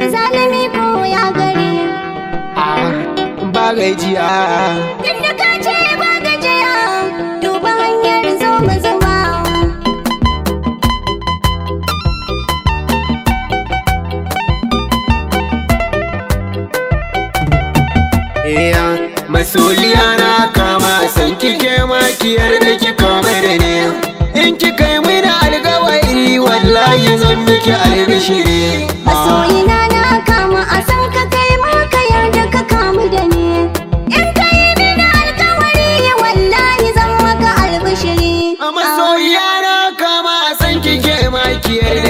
Umar zalimi ko ya gari. Ba gajiya. Duk da ka ce ba duba hanyar zo mu zuba. Iya, masuliya na kama san kike makiyar da kika mai ne. In kika yi mini alkawari wallahi zan miki albishiri.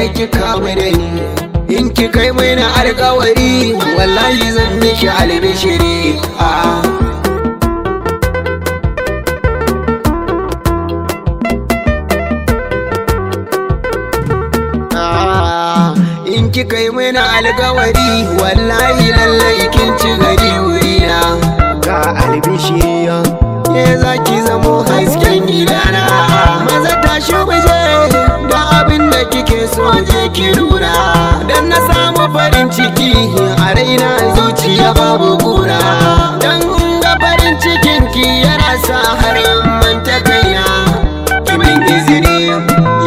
sai ki da ni in ki kai mai na alkawari wallahi zan mishi albishiri a In ki kai mana alkawari wallahi lallai kin ci gari wurina ga albishiriya ke za zama ke ki lura dan na samu farin ciki a raina zuciya babu kura dan ga farin cikin ki yana sa har manta kaina ki izini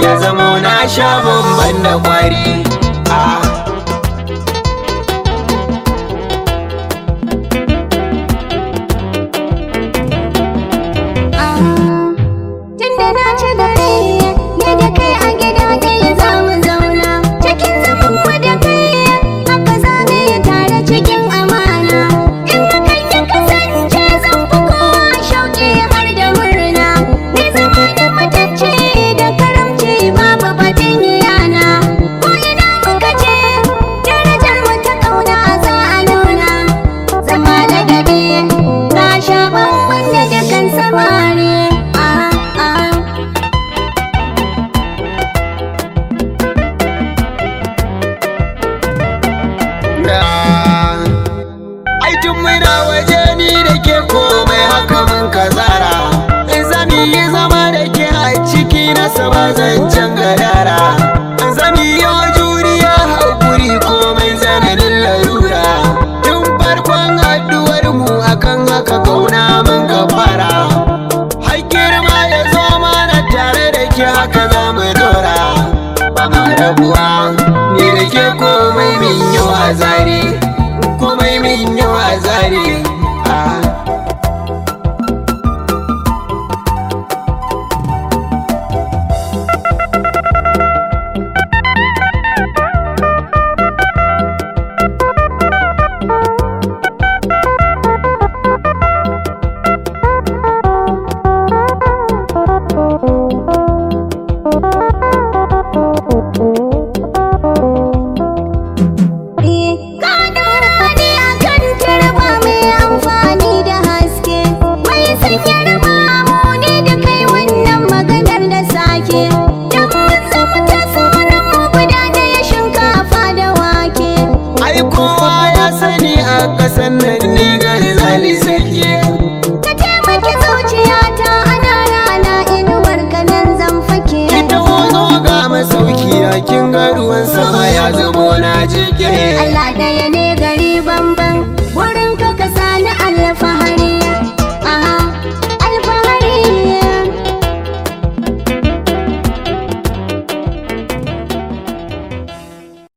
ya zama na sha bamban da kwari ah. haka za mu dora ba rabuwa ni da ke komai min yau a komai min ai kowa ya sani a ƙasan nan ni gari zali sake ka taimaki zuciyata ana rana inuwar ganin zan fake ita hozo ga masauki kin ga ruwan sama ya zubo na jike Allah da